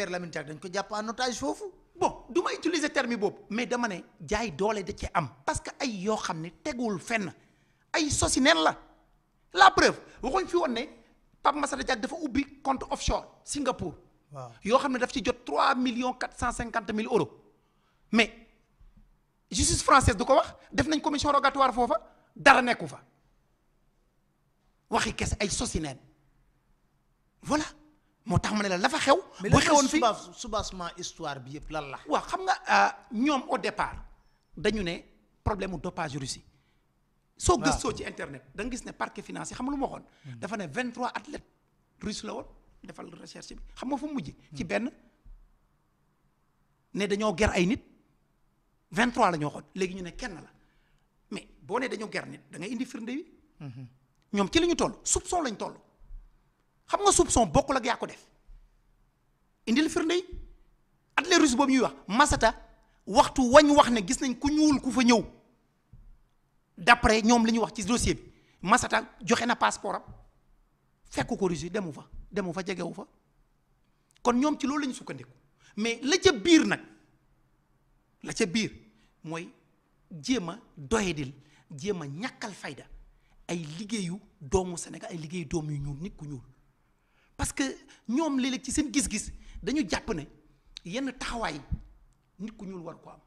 Père Lamine Diack dañ ko jàpp en otage foofu bon du ma utiliser terme boobu mais dama ne jaay doole da ci am parce que ay yoo xam ne tegul fenn ay sosi la la preuve waxuñ fi woon ne Pape Massata Diack dafa ubbi compte offshore Singapour waaw yoo xam ne daf ci jot trois millions quatre cent cinquante mille euros mais justice française du ko wax def nañ commission rogatoire foofa dara nekku fa waxi kes ay sosi voilà moo tax ma ne la dafa fa xew. bu xewoon fi soubassement histoire bi yëpp lan la. waaw xam nga euh, ñoom au départ dañu ne problème mu dopage Russie. soo gëstoo ci internet da nga gis ne parquet financier xam nga lu ma waxoon. Hmm. dafa ne 23 athlètes russe la woon defal recherche bi xam nga fu mu mujj. Hmm. ci benn ne dañoo ger ay nit 23 la ñu waxoon léegi ñu ne kenn la mais boo ne dañoo ger nit da ngay indi firnde yi. Hmm. ñoom ci la ñu toll soupçon lañ toll. xam nga soupçon bokkul ak yaa ko def indil firnde yi athlète russe boobu ñuy wax masata waxtu wañ wax ne gis nañ ku ñuul ku fa ñëw d'après ñoom li ñuy wax ci dossier bi masata joxe na passeport am fekk ko Russie demu fa demu fa jegewu fa kon ñoom ci loolu la sukkandiku mais la ca biir nag la ca biir mooy jéem a doyadil jéem a ñàkkal fayda ay liggéeyu doomu Sénégal ay liggéeyu doom yu ñuul nit ku ñuul parce que ñoom léeg-léeg ci seen gis-gis dañu jàpp ne yenn taxawaay nit ku ñuul war ko am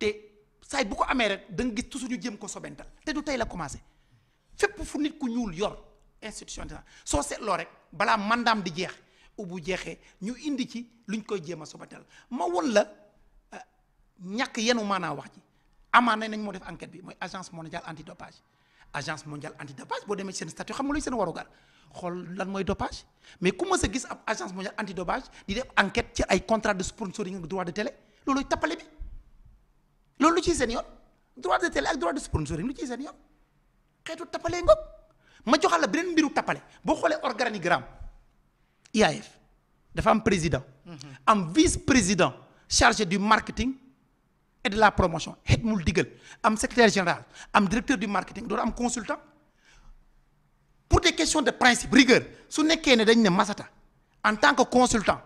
te saay bu ko amee rek da gis toujours ñu jëm ko sobental te du tey la commencé fépp fu nit ku ñuul yor institution de soo seetloo rek balaa mandaam di jeex ubu jeexee ñu indi ci luñ koy jéem a sobental ma won la euh, ñàkk yenu maanaa wax ji amaana nañ moo def enquête bi mooy agence mondiale antidopage agence mondiale antidopage boo demee seen statut xam nga luy seen warugar xool lan mooy dopage mais ku mës a gis ab agence mondiale anti dopage di def enquête ci ay contrat de sponsoring ak droit de télé loolu tappale bi loolu lu ciy seen yoon droit de télé ak droit de sponsoring lu ciy seen yoon xeetu tappalee ngoog ma joxal la beneen mbiru tappale boo xoolee organigramme IAF dafa am président. Mhm. am vice président chargé du marketing. et de la promotion xet mul digal am secrétaire général am directeur du marketing doon am consultant pour des questions de principe rigueur su nekkee ne dañ ne Massata en tant que consultant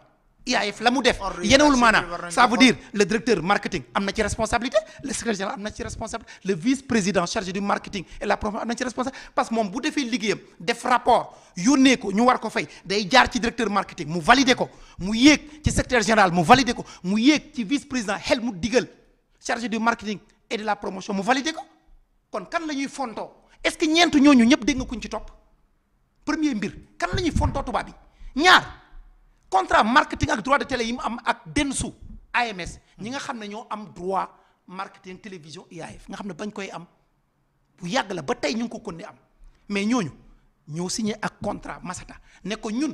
IAF la mu def yenewul maanaam ça veut dire le directeur marketing am na ci responsabilité le secrétaire général am na ci responsabilité le vice président chargé du marketing et la promotion am na ci responsabilité parce que moom bu defee liggéeyam def rapport yónnee ko ñu war ko fay day jaar ci directeur marketing mu valider ko mu yéeg ci secrétaire général mu valider ko mu yéeg ci vice président xel mu digal chargé du marketing et de la promotion mu kon kan la ñuy fontoo est-ce que ñeent ñooñu ñëpp dégg nga kuñ ci topp premier mbir kan la ñuy fontoo tubaab bi ñaar contrat marketing ak droit de télé yi mu am ak densu AMS ñi nga xam ne ñoo am droit marketing télévision IAF nga xam ne bañ koy am bu yàgg la ba tey ñu ngi ko kon di am mais ñooñu ñoo signé ak contrat Masata ne ñun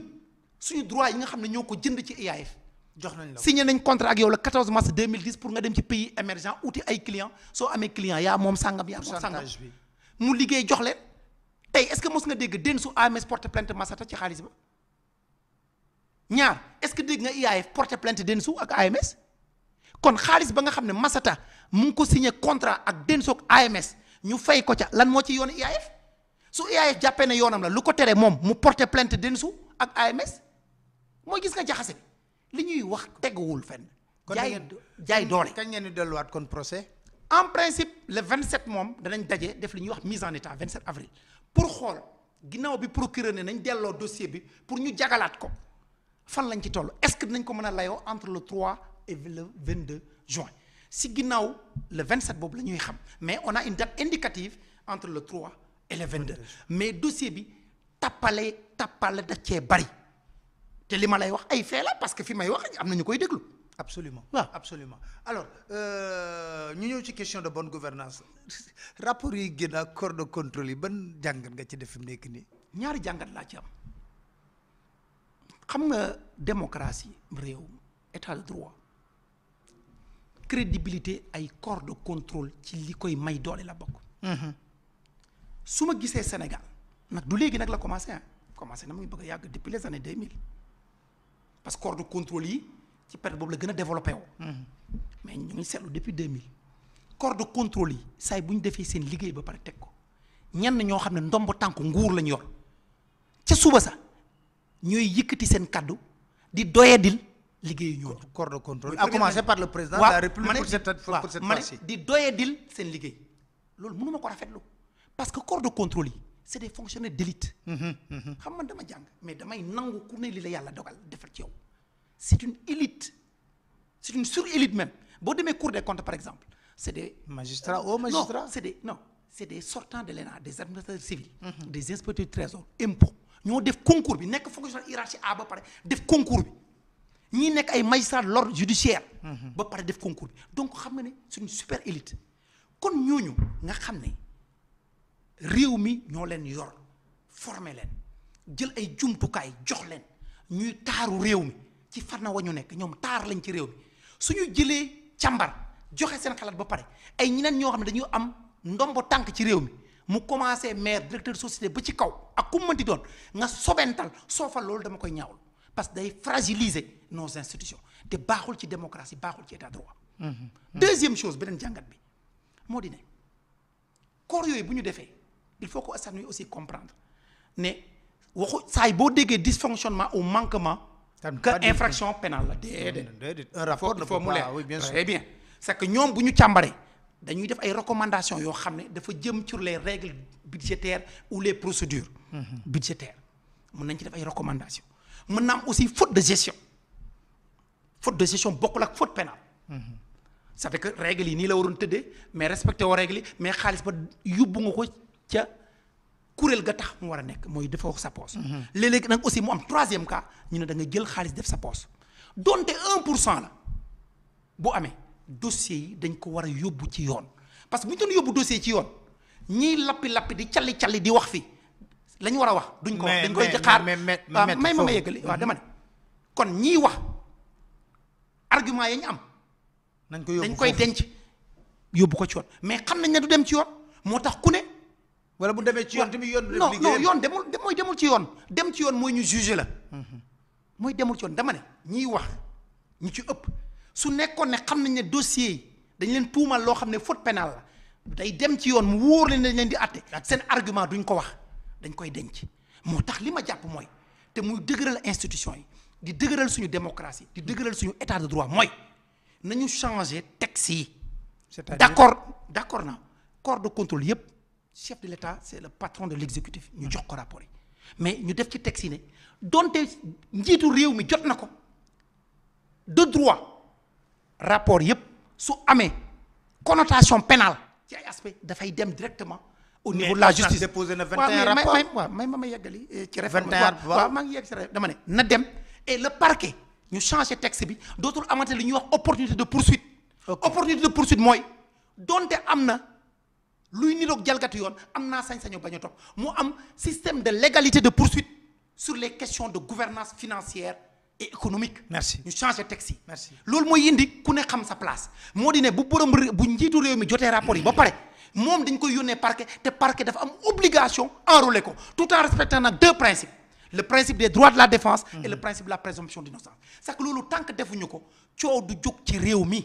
suñu droit yi nga xam ne ñoo ko jënd ci IAF. jox nañ la signé nañ contrat ak yow le 14 mars 2010 pour nga dem ci pays émergent uti ay clients soo amee client yaa moom sàngam yaa moom sàngam mu liggéey jox mos nga dégg densu AMS porte plainte Massata ci xaalis ba ñaar est-ce que dégg nga IAAF porte plainte densu ak AMS kon xaalis ba nga xam ne Massata mu ngi ko signé contrat ak densu ak AMS ñu fay ko ca lan moo ci yoon IAAF su IAAF jàppee ne yoonam la lu ko tere moom mu porte plainte densu ak AMS mooy gis nga jaxase li ñuy wax teguwul fen jaay jaay doole kañ ngeen di delluwaat kon procès. en principe le 27 moom danañ daje def li ñuy wax mise en état 27 avril. pour xool ginnaaw bi procureur ne nañ delloo dossier bi pour ñu jagalaat ko fan lañ ci toll est-ce que nañ ko mën a layoo entre le trois et le 22 juin si ginnaaw le vingt 27 boobu la ñuy xam mais on a une date indicative entre le trois et le 22 mais dossier bi tappale tappale da bari te li ma lay wax ay fee la parce que fi may wax am na ñu koy déglu. absolument waaw absolument alors euh, ñu ñëw ci question de bonne gouvernance rapport yi génn ak corps de contrôle yi ban jàngat nga ci def fi mu nekk nii. ñaari jàngat laa ci am xam nga démocratie réew état de droit crédibilité ay corps de contrôle ci li koy may doole la bokk. Mm-hmm. su ma gisee Sénégal nag du léegi nag la commencé ah commencé na mu bëgg a yàgg depuis les années 2000 parce que corps de contrôle yi. ci période boobu la gën a développé mm-hmm. mais ñu ngi seetlu depuis 2000 corps de contrôle yi saa yi bu ñu defee seen liggéey ba pare teg ko ñenn ñoo xam ne ndomb tànk nguur lañ yor ca suba sa ñooy yëkkati seen kaddu di doyadil liggéeyu ñoo corps de contrôle à ah, commencer par le président de la république di doyadil seen liggéey loolu mënuma ko rafetlu parce que corps de contrôle yi c'est des fonctionnaires d'élite. Mm-hmm, mm-hmm. xam man dama jàng mais damay nangu ku ne li la yàlla dogal defal ci yow. c'est une élite c'est une surélite même boo demee Cour des comptes par exemple c'est des magistrats hauts magistrats non c'est des non c'est des sortants de l'ENA des administrateurs civils mhm. trésor impôts ñoo def concours bi nekk fonctionnaire hiérarchie A ba pare def concours bi ñi nekk ay magistrats de l'ordre judiciaire mhm. ba pare def concours bi donc xam nga ne c'est une super élite kon ñooñu nga xam ne réew mi ñoo leen yor former leen jël ay jumtukaay jox leen ñuy taaru réew mi ci fànn wa ñu nekk ñoom taar lañ ci réew mi suñu jëlee càmbar joxe seen xalaat ba pare ay ñeneen ñoo xam ne dañu am ndombo tànk ci réew mi mu commencé maire directeur société ba ci kaw ak ku mënti doon nga sobental soo fa loolu dama koy ñaawul parce que day fragiliser nos institutions te baaxul ci démocratie baaxul ci état droit. Mm-hmm. Mm-hmm. deuxième chose beneen jàngat bi moo di ne yooyu bu ñu defee il faut que askan aussi comprendre ne waxu saay boo déggee dysfonctionnement ou manquement. que infraction pénale la déedéet un rapport il faut mu leer oui bien sûr très bien c'est que ñoom bu ñu càmbaree dañuy def ay recommandations yoo xam ne dafa jëm sur les règles budgétaires ou les procédures mm-hmm. budgétaires mën nañ ci def ay recommandations mën na am aussi faute de gestion faute de gestion bokkul ak faute pénale c'est-à-dire mm-hmm. que règles yi nii la waroon tëddee mais respecté woo règles yi mais xaalis ba yóbbu nga ko ca kuréel ga tax mu war a nekk mooy dafa wax sa poos. Mhm. léeg nag aussi mu am troisième cas ñu ne da jël xaalis def sa poos donte un pour cent la bu amee dossier yi dañ ko war a yóbbu ci yoon parce que bu ñu doon yóbbu dossier ci yoon ñiy lappi lappi di calli calli di wax fii la war a wax. duñ ko dañ koy xaar mais mais ah, mais may ma ma yëgale mhm. waaw dama kon ñiy wax argument ya am. nañ ko yóbbu dañ koy denc yóbbu ko ci yoon mais xam nañ ne du dem ci yoon moo tax ku ne. wala bu demee ci yoon tamit yoon. non non yoon demul mooy demul ci yoon dem ci yoon mooy ñu juger la. mooy demul ci yoon dama ne ñiy wax ñu ci ëpp su nekkoon ne xam nañ ne dossier yi dañ leen tuumal loo xam ne faute pénale la day dem ci yoon mu wóor leen dañ leen di àtte seen argument ñu ko wax dañ koy denc moo tax li ma jàpp mooy te muy dëgëral institution yi di dëgëral suñu démocratie di dëgëral suñu état de droit mooy nañu changer texte yi. c'est-à-dire d'accord d'accord na corps de contrôle yëpp. chef de l'État c'est le patron de l'exécutif ñu jox ko rapport yi mais ñu def ci texte yi ne donte njiitu réew mi jot na ko de droit rapport yëpp su amee connotation pénale ci ay aspect dafay dem directement au niveau de la justice déposé na 21 rapports waaw may ma ma yeggali euh, ci réforme waaw maa ngi yegg dama ne na dem et le parquet ñu changé texte bi dootul amate li ñuy wax opportunité de poursuite opportunité de poursuite mooy donte am na luy niroog jalgati yoon am naa sañ-sañu bañ a topp mu am système de légalité de poursuite sur les questions de gouvernance financière et économique. ñu changé texte yi. merci loolu mooy indi ku ne xam sa place moo di ne bu borom bu njiitu réew mi jotee rapport yi ba pare moom dañ koy yónnee parquet te parquet dafa am obligation enrôler ko tout en respectant nag deux principes le principe des droits de la défense. Mm-hmm. et le principe de la présomption d'innocence. c'est que loolu tant que defuñu ko coow du jóg ci réew mi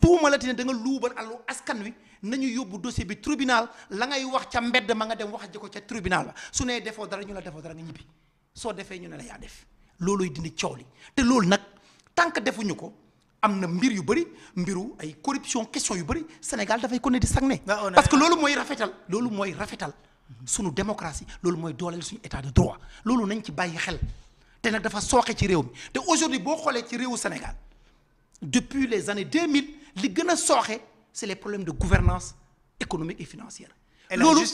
tuumalati ne da nga luubal àllu askan wi nañu yóbbu dossier bi tribunal la ngay wax ca mbedd ma nga dem wax ji ko ca tribunal ba su nee defoo dara ñu la defoo dara nga ñibbi soo defee ñu ne la yaa def looluy dindi coow li te loolu nag tant que defuñu ko am na mbir yu bëri mbiru ay corruption question yu bëri Sénégal dafay ko ne di sagne ah, parce que loolu mooy rafetal loolu mooy rafetal sunu démocratie loolu mooy dooleel suñu état de loolu nañ ci bàyyi xel te nag dafa sooxe ci réew mi te aujourd'hui boo xoolee ci réewu Sénégal depuis les années 2000 li gën a sooxee c'est les problèmes de gouvernance économique et financière. et la loolu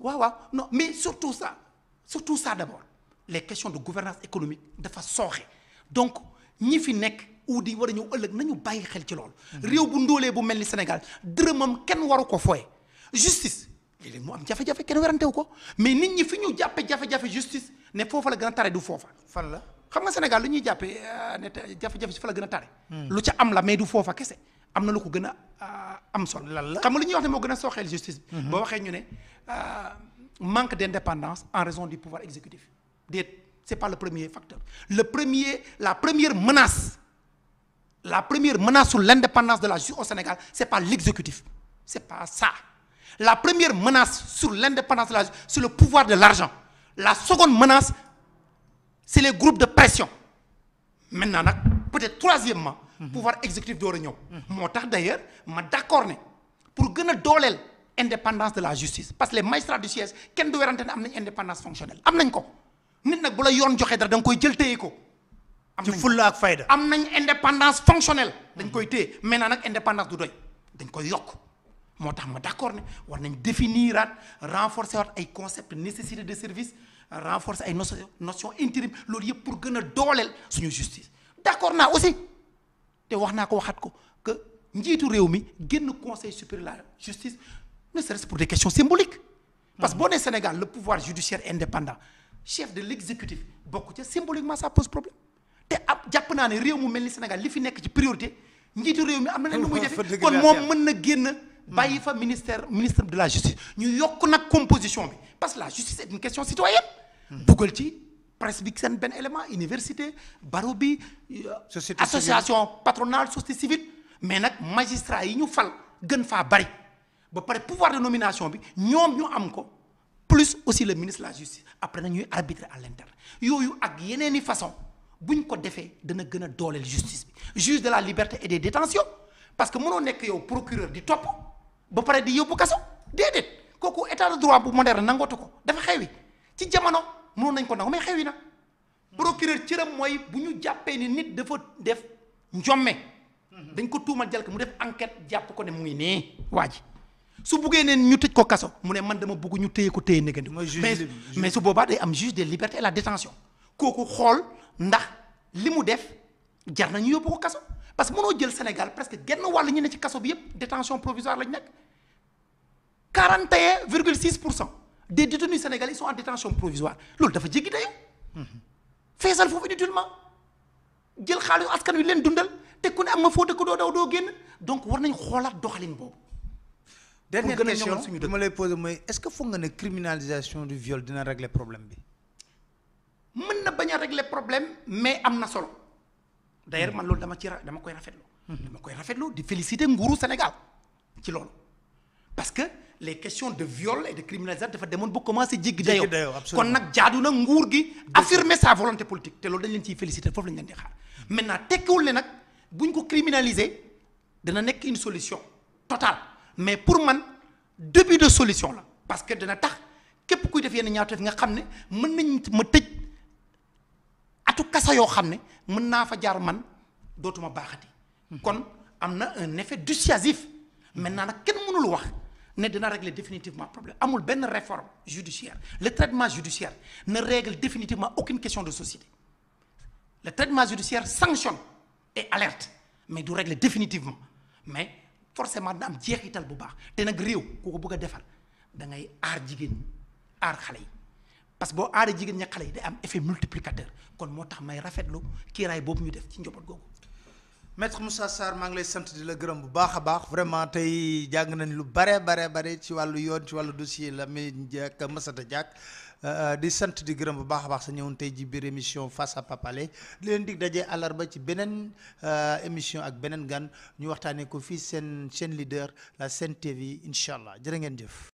waaw waaw non mais surtout ça surtout ça d'abord les question de gouvernance économique dafa sooxe donc ñi fi nekk ou di war a ñëw ëllëg nañu bàyyi xel ci loolu. Mm-hmm. réew bu ndoolee bu mel ni Sénégal dërëmam kenn waru ko fooye justice léeg-léeg mu am jafe-jafe ko mais nit ñi fi ñu jàppe jafe-jafe justice ne foofa la gën a tare du foofa. fan la xam nga Sénégal lu ñuy jàppe euh, ne jafe-jafe si fa la gën a tare. Mm. lu ca am la mais du foofa kese. am na lu ko gën a ah, am solo. lan la xam nga lu ñuy wax moo gën a sooxeel justice. Mhm. boo waxee ñu ne ah, manque d'indépendance en raison du pouvoir exécutif déet c'est pas le premier facteur le premier la première menace la première menace sur l'indépendance de la justice au Sénégal c'est pas l'exécutif c'est pas ça la première menace sur l'indépendance de la justice c'est le pouvoir de l'argent la seconde menace c'est les groupes de pression maintenant nag peut-être troisièmement Mhm. pouvoir exécutif door a mhm. moo tax d'ailleurs ma d'accord ne pour gën a dooleel indépendance de la justice parce que les magistrats du siège kenn du werante ne am nañ indépendance fonctionnelle am nañ ko nag bu la yoon joxe dara da koy jël téye ko. am nañ ci fulla ak fayda. am nañ indépendance fonctionnelle. dañ mhm. koy téye maintenant nag indépendance du doy dañ koy yokk. moo tax ma d'accord ne war nañ définir aat renforcer waat ay concept de service renforcer ay notion intérim loolu yëpp pour gën a dooleel suñu justice d'accord naa aussi. te wax naa ko waxaat ko que njiitu réew mi génn conseil supérieur la justice ne serait-ce pour des questions symboliques. parce que boo nee Sénégal le pouvoir judiciaire indépendant chef de l'exécutif bokk ca symboliquement ça pose problème te ab jàpp naa ne réew mu mel ni Sénégal li fi nekk ci priorité njiitu réew mi am na leen lu muy defee kon moom mën na génn. bàyyi fa ministère ministre de la justice ñu yokk nag composition bi parce que la justice question citoyenne. dugal ci. presse bi seen benn élément université barreau bi. Euh, association patronale société civile. mais nag magistrat yi ñu fal gën faa bari ba pare pouvoir de nomination bi ñoom ñu am ko plus aussi le ministre de la justice après nag ñuy arbitrer à l'interne yooyu ak yeneen façon buñ ko defee dana gën a dooleel justice bi juge de la liberté et des détentions parce que mënoo nekk yow procureur di topp ba pare di yóbbu kaso déedéet kooku état de droit bu moderne nangootu ko dafa xewi ci jamono. mënoon nañ ko nangu mais yi na procureur cëram mooy bu ñu jàppee ni nit dafa def njomme dañ ko tuumal jal ko mu def enquete jàpp ko ne muy ngi waa ji su buggee neen ñu tëj ko kaso mu ne man dama bugg ñu téye ko téye négandi mais mais su boobaa day am juge des libertés la détention kooku xool ndax li mu def jar nañu yóbbu ko kaso parce que mënoo jël Sénégal presque genn wàll ñu ne ci kaso bi yëpp détention provisoire lañ nekk quarante et pour cent des détenus sénégalais sont en détention provisoire loolu dafa jéggi dayo feesal foofu inutilement jël xaalis askan wi leen dundal te ku ne am ma foo dëkk doo daw doo génn donc war nañ xoolaat doxalin boobu. dernière question bi ma lay posé mooy est-ce que foog nga ne criminalisation du viol dina régler problème bi. mën na bañ a régler problème mais am na solo d'ailleurs man loolu dama ci dama koy rafetlu. Mhm. dama koy rafetlu di féliciter nguuru Sénégal ci loolu parce que. les questions de viol et de criminalisation dafa demoon ba commencé jéggi dayoo kon nag jaadu na nguur gi affirmer sa volonté politique te loolu dañ leen ciy féliciter foofu lañ leen di xaar maintenant tekkiwul ne nag buñ ko criminaliser dana nekk une solution totale mais pour man début de solution la parce que dana tax képp kuy def yenn ñaawteef nga xam ne mën nañ ma tëj atu kasa yoo xam ne mën naa fa jaar man dootuma baaxati hmm. kon am na un effet dissuasif maintenant nag kenn mënul wax ne dina régler définitivement problème amul benn réforme judiciaire le traitement judiciaire ne règle définitivement aucune question de société le traitement judiciaire sanctionne et alerte mais du régler définitivement mais forcément na am jeexital bu baax te nag réew ku ko bëgg a defar da ngay aar jigéen aar xale yi parce que boo aaree jigéen ña xale yi day am effet multiplicateur kon moo tax may rafetlu kiiraay boobu ñu def ci njaboot googu. maître Moussa saar maa ngi lay sant di la gërëm bu baax a baax vraiment tey jàng nañ lu bare bare bare ci wàllu yoon ci wàllu dossier la mais ak Massata Diack euh, euh, di sant di gërëm bu baax a baax sa ñëwoon tey ji biir émission face à Papalé di leen dig daje àllarba ci beneen euh, émission ak beneen gan ñu waxtaanee ko fii seen chaîne leader la Sen TV incha allah jërë ngeen jëf.